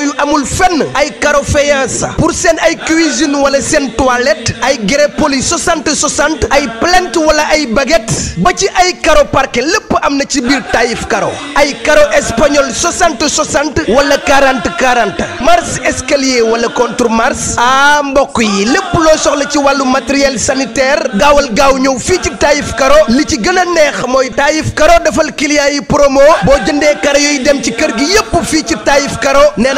yooyu amul fenn ay carreau faïence pour seen ay cuisine wala seen toilette ay grès poli 60 60 ay plinthe wala ay baguette ba ci ay carreau parquet lépp am na ci biir Taïf carreau ay carreau espagnol 60 60 wala 40 40 marche escalier wala contre marche ah mbokk yi lépp loo soxla ci wàllu matériel sanitaire gaawal gaaw ñëw fii ci Taïf carreau li ci gën a neex mooy Taïf carreau defal client yi promo boo jëndee carreau yooyu dem ci kër gi yépp fii ci Taïf carreau nee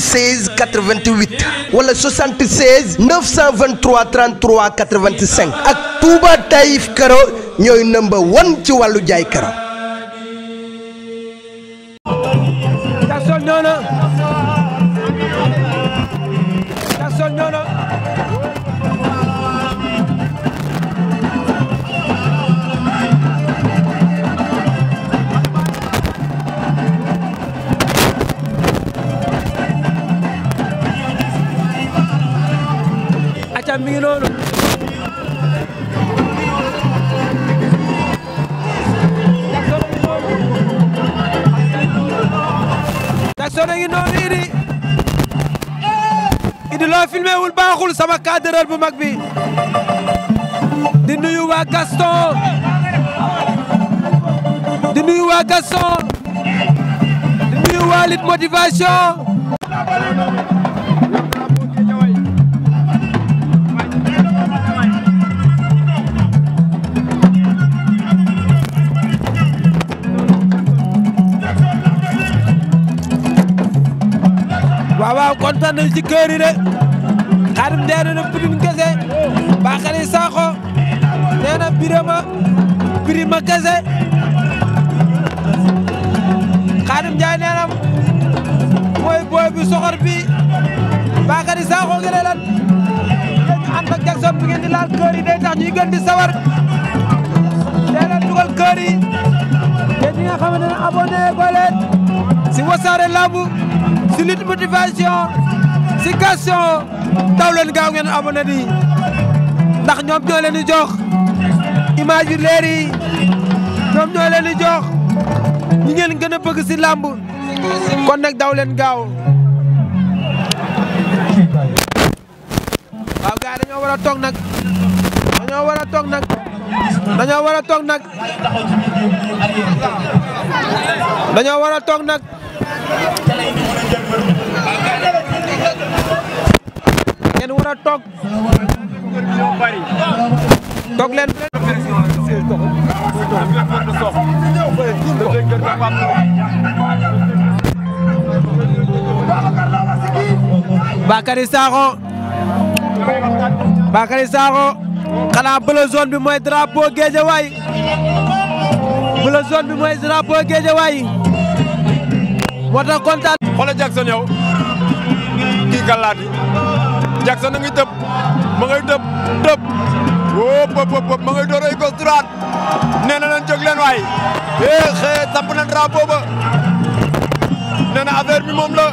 76 88 wala 76 923 33 85 ak Touba Taïf Karo ñooy number one ci wàllu jaay karo. ngi noonu Jackson a loo filmé baaxul sama cadreur bu mag bi di nuyu waa Gaston di nuyu waa Gaston di waxtaan nañ ci kër yi de Xaadim Njaay nee na Pikin kese Bakary Sakho nee na Birama mooy booy bi soxor bi Bakary Sakho ngi lay lan dañu ànd ak bi ngeen di laal kër yi day tax ñuy di sawar nee na dugal kër yi nga xamante ne abonné ko leen si Wassare Lamb si lutte motivation si Gaston taw leen gaaw ngeen abonné di ndax ñoom ñoo leen di jox image yu leer yi ñoom ñoo leen di jox ñi ngeen gën a bëgg si làmb kon nag daw leen gaaw waaw gars dañoo war a toog dañoo war a toog dañoo wara a nak dañoo a ngeen war a toog toog saako Bakary Sakho Bakary Sakho xanaa bleu zone bi mooy drapeau Guédiawaye bleu zone bi mooy drapeau Guédiawaye war na kontaan. xoolal Jackson yow kii gàllaati Jackson a ngi tëb ma ngay tëb tëb wóop wóop wóop ma ngay door ay gos droite nee na leen jóg leen waay. eh xëy samp na drapeau ba nee bi moom la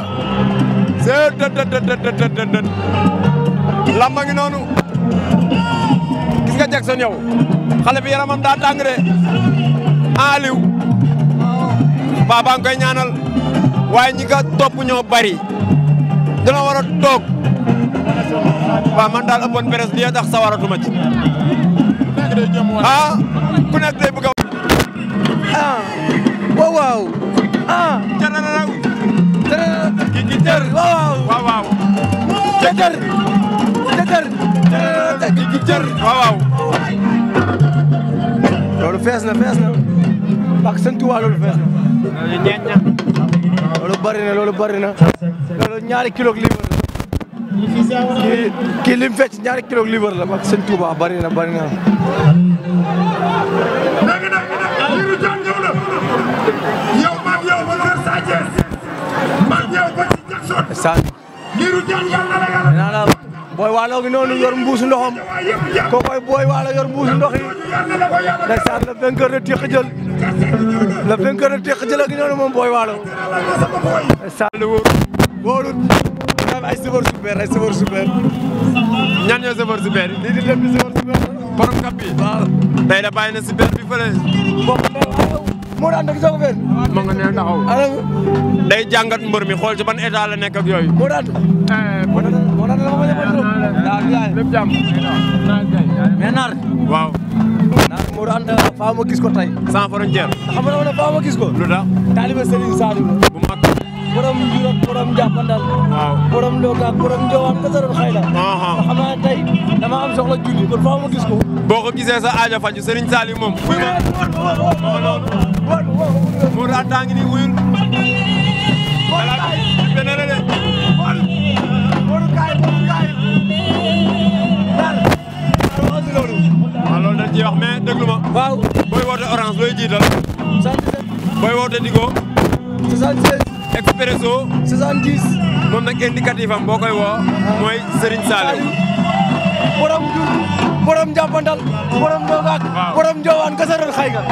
c'est dë dë ngi noonu nga Jackson yow xale bi yaramam daa tàng de Aliou baba nga ñaanal. waaye ñi ka topp ñoo bari dina war a toog man daal ëppoon presse li tax sawaratuma ci ah ku nekk day bëgg a ah waaw waaw ah tarara tarara ki ki waaw waaw loolu fees na fees na ak sëntuwaa loolu fees na loolu bëri na loolu bëri na loolu ñaari kilo liibar la kii kii lim fecc ñaari kilo liibar la ak sëñ Touba bëri na bëri na. saan naa la booy waalo gi noonu yor mbuusu ndoxam kookoy booy waalo yor mbuusu ndox yi ndeysaan la vainqueur de Tekk Jël le vainqueur ak teq jëla gi noonu moom booy waalo. Sall wóorul. wóorul. ñu am ay sëfër super ay sëfër super. ñan ñoo sëfër super yi. lii di dem di sëfër da bàyyi na si bi fële. mbokk moo daan dëgg soo ko fër. mi xool ci ban état la nekk ak moo daan. Eh, moo daan moo daan la ma ko ñëw naar. waaw. ndax Modou Anta faaw ma gis ko tey sans frontière xam nga ne faaw ma gis ko lu tax taaliba Serigne Saliou bu mag borom juróom borom jàppandal waaw borom loogaak borom njowaan kasaroon na a xam soxla julli kon faaw ma gis ko boo ko sa aajo faju Serigne Saliou ma Modou Anta ngi ni waaw booy woote orange looy jiital. 77. booy woote Digo. 76. Expresso. 70. moom nag indicatif am boo koy woo. Ah. mooy Serigne Saliou. borom Diouf borom Ndiapandal borom Ndongaat. waaw borom Ndiowaan Kasaroon xëy nga.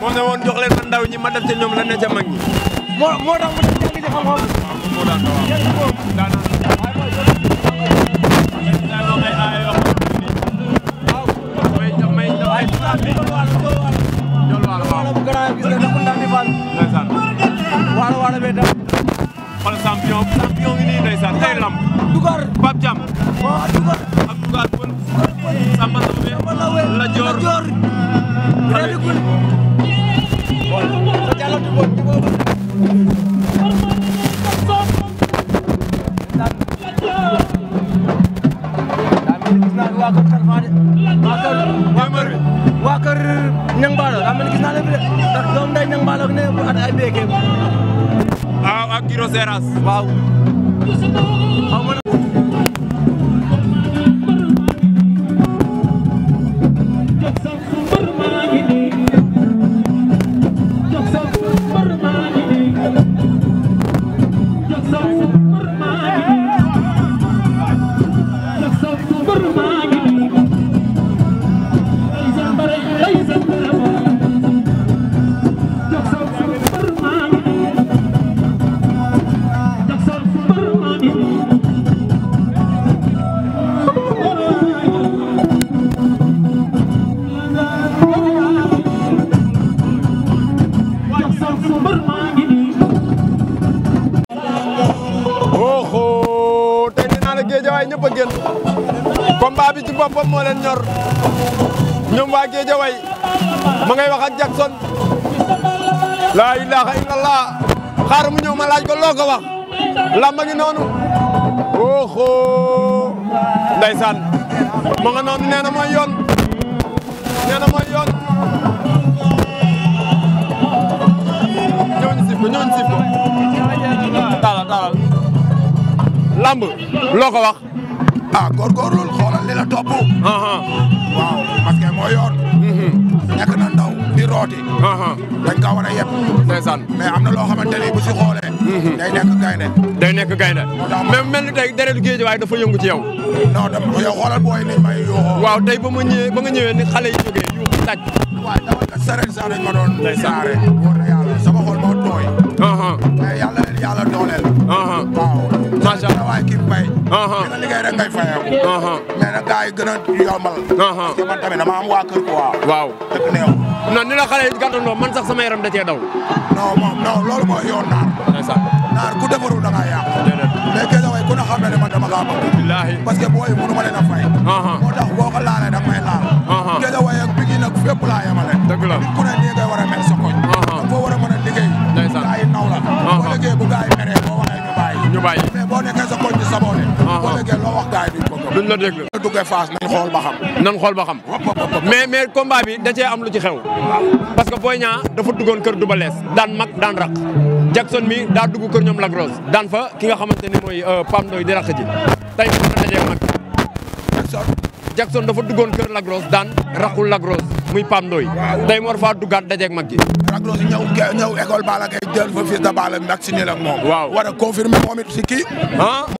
moom ne woon jox ma ndaw ñi ma def ca ñoom la ne ca mag ñi. moo moo tax mu dem jàngi xam-xam. moo daan ko waaw. waaye Sousane bi loolu waalo loolu waalo. loolu waalo waaw bu gën a gis nga nekkul daal di faal. ndeysaan. Dugar Pape Thiam. Dugar. ak waa kër Talfa de waa kër waa kër waa kër Niang Ballo daa mel ni gis naa leen fi de ndax doom day Niang Ballo ne bu at ay béykat waaw ak Giro Seras waaw Géejawaay ñëpp a génn combat bi ci boppam moo leen ñor ñoom waa Géejawaay ma ngay wax ak Jackson laa ilaha illallah xaar mu ñëw ma laaj ko loo ko wax lamba ngi noonu oho ndeysaan ma nga noonu nee na mooy yoon nee na mooy làmb loo ko wax. ah góorgóorlu xoolal li la topp. waaw parce que moo yoon. Mhm. nekk na ndaw di rooti. dañ kaa war a yeb. ndeysaan mais am na loo xamante ni bu si xoolee. Mhm. day nekk gaynde. day nekk gaynde mais mel ni tey deretu géej waaye dafa yëngu ci yow. non dama yow xoolal booy ni may yoo. waaw tey ba ma ñëwee ba nga ñëwee ni xale yi jógee yu tàcc. waaw dawal ka sareet sax dañ sama xol tooy. yàlla yàlla dooleel. waaw. Uh-huh. macha allah waaye kii mbay. dina uh-huh. liggéey rek ngay uh-huh. gën a yombal. parce waa kër quoi. waaw naar. naar ku defarul da ngaa yàqu. mais kii ku ne xam ne dama dama kaa bëgg. billaahi parce que booy a fay. moo tax boo ko da may laal. kii la waaye bi ngi nag fépp laa laajee loo wax gars yi duñ ko gëm. duñ la déglu. duggee Fass nañ xool ba xam. nañ xool ba xam. mais mais combat bi da cee am lu ci xew. parce que Boy Niang dafa duggoon kër Double Less daan mag daan raq Jackson mi daa dugg kër ñoom Lac Rose daan fa ki nga xamante ne mooy euh, Pam Ndoy di raq ji tey bu ma dajee mag. Jackson dafa duggoon kër Lac Rose daan raqul Lac Rose muy Pam Ndoy tey moo duggaat dajeeg mag ji. ñëw école Balla Gaye jël fa fils de Balla vacciné ak moom. waaw war a moom it